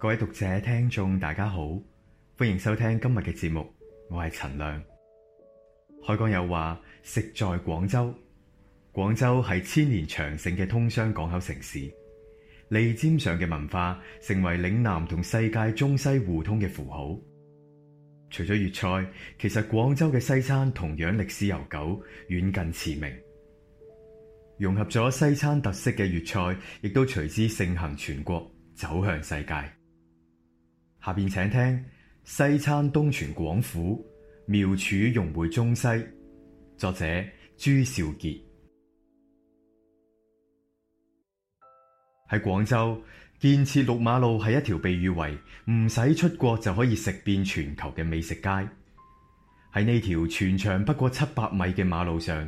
各位讀者、聽眾，大家好，歡迎收聽今日嘅節目，我係陳亮。海港有話，食在廣州，廣州係千年長盛嘅通商港口城市，利尖上嘅文化成為嶺南同世界中西互通嘅符號。除咗粵菜，其實廣州嘅西餐同樣歷史悠久，遠近馳名。融合咗西餐特色嘅粵菜，亦都隨之盛行全國，走向世界。下邊請聽西餐東傳廣府，妙廚融匯中西。作者朱兆杰喺廣州建設六馬路，係一條被譽為唔使出國就可以食遍全球嘅美食街。喺呢條全長不過七百米嘅馬路上，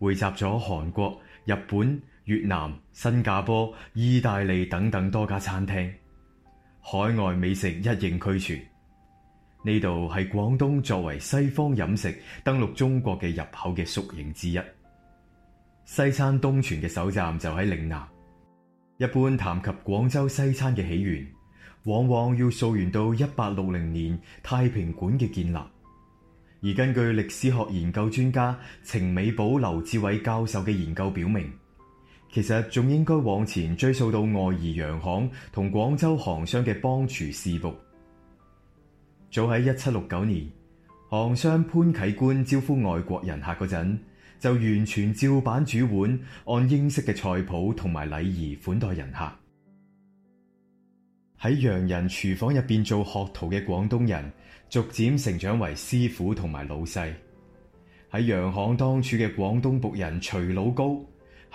匯集咗韓國、日本、越南、新加坡、意大利等等多家餐廳。海外美食一應俱全，呢度係廣東作為西方飲食登陸中國嘅入口嘅縮影之一。西餐東傳嘅首站就喺嶺南。一般談及廣州西餐嘅起源，往往要溯源到一八六零年太平館嘅建立。而根據歷史學研究專家程美寶、劉志偉教授嘅研究表明，其實仲應該往前追溯到外夷洋行同廣州行商嘅幫廚事務。早喺一七六九年，行商潘啟官招呼外國人客嗰陣，就完全照板煮碗，按英式嘅菜譜同埋禮儀款待人客。喺洋人廚房入邊做學徒嘅廣東人，逐漸成長為師傅同埋老細。喺洋行當處嘅廣東僕人徐老高，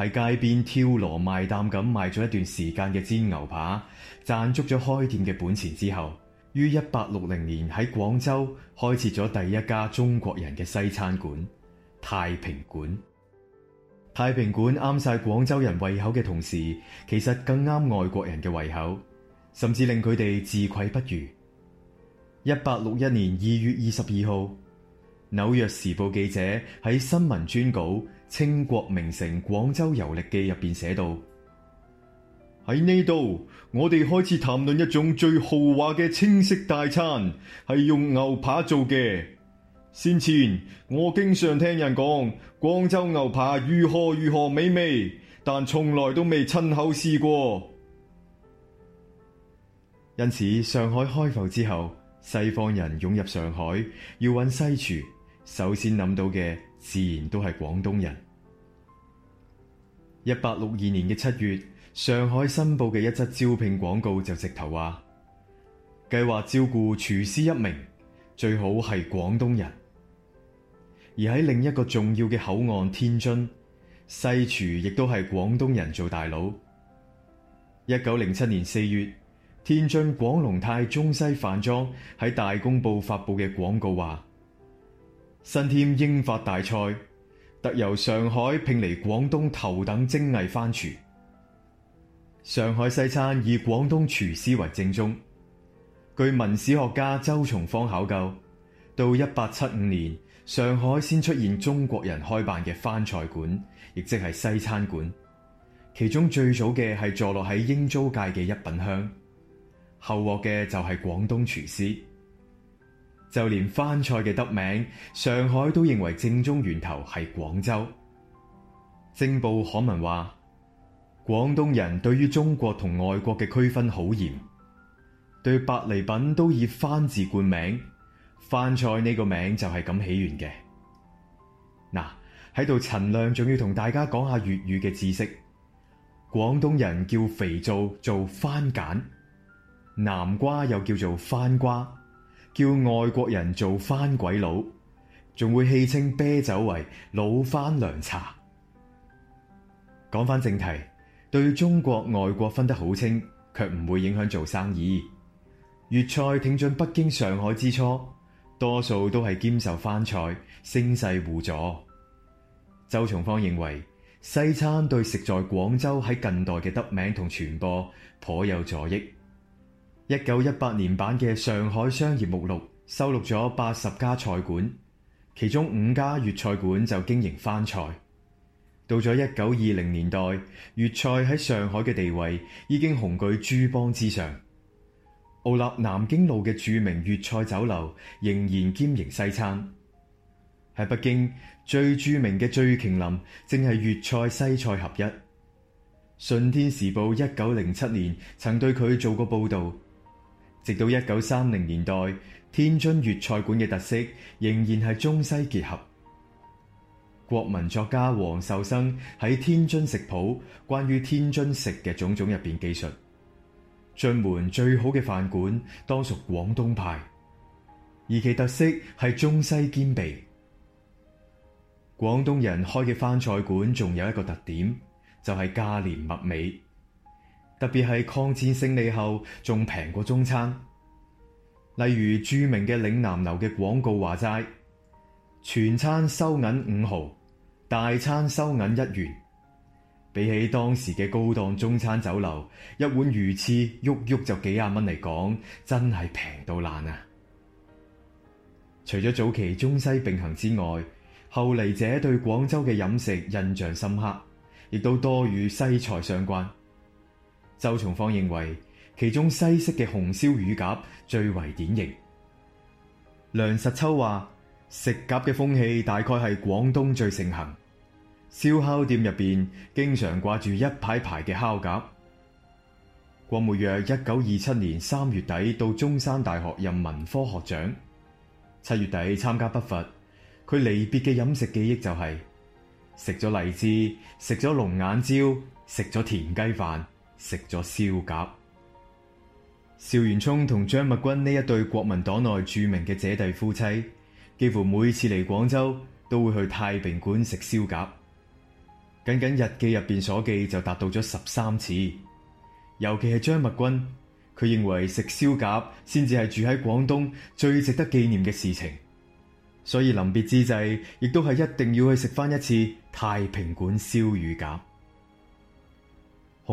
喺街邊挑羅賣擔咁賣咗一段時間嘅煎牛扒，賺足咗開店嘅本錢之後，於一八六零年喺廣州開設咗第一家中國人嘅西餐館——太平館。太平館啱晒廣州人胃口嘅同時，其實更啱外國人嘅胃口，甚至令佢哋自愧不如。一八六一年二月二十二號，紐約時報記者喺新聞專稿清國名城廣州遊歷記入邊寫道：喺呢度，我哋開始談論一種最豪華嘅清式大餐，係用牛扒做嘅。先前我經常聽人講廣州牛扒如何如何美味，但從來都未親口試過。因此，上海開埠之後，西方人湧入上海，要揾西廚。首先諗到嘅自然都係廣東人。一八六二年嘅七月，上海新報嘅一則招聘廣告就直頭話，計劃招雇廚師一名，最好係廣東人。而喺另一個重要嘅口岸天津，西廚亦都係廣東人做大佬。一九零七年四月，天津廣隆泰中西飯莊喺大公報發布嘅廣告話。新添英法大菜，特由上海聘嚟廣東頭等精藝番廚。上海西餐以廣東廚師為正宗。據文史學家周松芳考究，到一八七五年，上海先出現中國人開辦嘅番菜館，亦即係西餐館。其中最早嘅係坐落喺英租界嘅一品香，後獲嘅就係廣東廚師。就連番菜嘅得名，上海都認為正宗源頭係廣州。正報刊文話，廣東人對於中國同外國嘅區分好嚴，對舶來品都以番字冠名，番菜呢個名就係咁起源嘅。嗱、啊，喺度陳亮仲要同大家講下粵語嘅知識，廣東人叫肥皂做番梘，南瓜又叫做番瓜。叫外國人做番鬼佬，仲會戲稱啤酒為老番涼茶。講返正題，對中國外國分得好清，卻唔會影響做生意。粵菜挺進北京、上海之初，多數都係兼受番菜聲勢互助。周松芳認為，西餐對食在廣州喺近代嘅得名同傳播頗有助益。一九一八年版嘅上海商業目錄收錄咗八十家菜館，其中五家粵菜館就經營番菜。到咗一九二零年代，粵菜喺上海嘅地位已經雄踞諸幫之上。奧立南京路嘅著名粵菜酒樓仍然兼營西餐。喺北京最著名嘅醉瓊林正係粵菜西菜合一。順天時報一九零七年曾對佢做過報道。直到一九三零年代，天津粵菜館嘅特色仍然係中西結合。國民作家黃壽生喺《天津食譜》關於天津食嘅種種入邊記述，進門最好嘅飯館當屬廣東派，而其特色係中西兼備。廣東人開嘅番菜館仲有一個特點，就係價廉物美。特別係抗戰勝利後，仲平過中餐。例如著名嘅嶺南樓嘅廣告話齋，全餐收銀五毫，大餐收銀一元。比起當時嘅高檔中餐酒樓，一碗魚翅喐喐就幾廿蚊嚟講，真係平到爛啊！除咗早期中西並行之外，後嚟者對廣州嘅飲食印象深刻，亦都多與西菜相關。周松芳認為，其中西式嘅紅燒乳鴿最為典型。梁實秋話，食鴿嘅風氣大概係廣東最盛行，燒烤店入邊經常掛住一排排嘅烤鴿。郭沫若一九二七年三月底到中山大學任文科學長，七月底參加北伐。佢離別嘅飲食記憶就係、是、食咗荔枝，食咗龍眼蕉，食咗田雞飯。食咗燒鴿，邵元沖同張默君呢一對國民黨內著名嘅姐弟夫妻，幾乎每次嚟廣州都會去太平館食燒鴿。僅僅日記入邊所記就達到咗十三次。尤其係張默君，佢認為食燒鴿先至係住喺廣東最值得紀念嘅事情，所以臨別之際，亦都係一定要去食翻一次太平館燒乳鴿。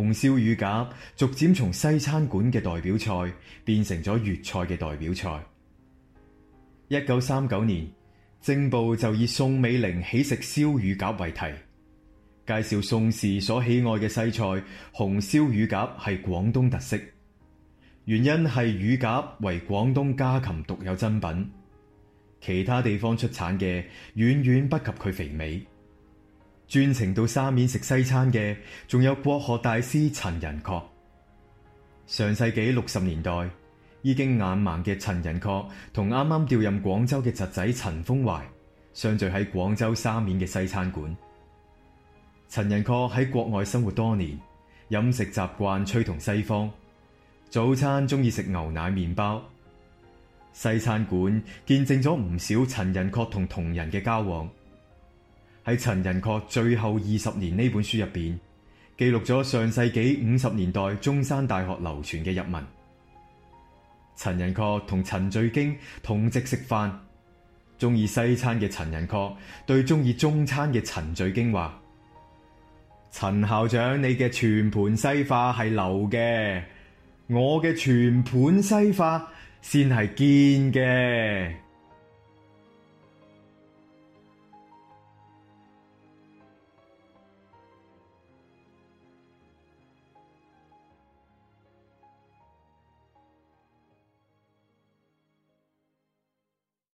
紅燒乳鴿逐漸從西餐館嘅代表菜變成咗粵菜嘅代表菜。一九三九年，政部就以宋美齡喜食燒乳鴿為題，介紹宋氏所喜愛嘅西菜。紅燒乳鴿係廣東特色，原因係乳鴿為廣東家禽獨有珍品，其他地方出產嘅遠遠不及佢肥美。專程到沙面食西餐嘅，仲有國學大師陳寅恪。上世紀六十年代，已經眼盲嘅陳寅恪同啱啱調任廣州嘅侄仔陳封懷相聚喺廣州沙面嘅西餐館。陳寅恪喺國外生活多年，飲食習慣趨同西方，早餐中意食牛奶麵包。西餐館見證咗唔少陳寅恪同同人嘅交往。喺陳寅恪最後二十年呢本書入邊，記錄咗上世紀五十年代中山大學流傳嘅日文。陳寅恪同陳序經同席食飯，中意西餐嘅陳寅恪對中意中餐嘅陳序經話：陳校長，你嘅全盤西化係流嘅，我嘅全盤西化先係堅嘅。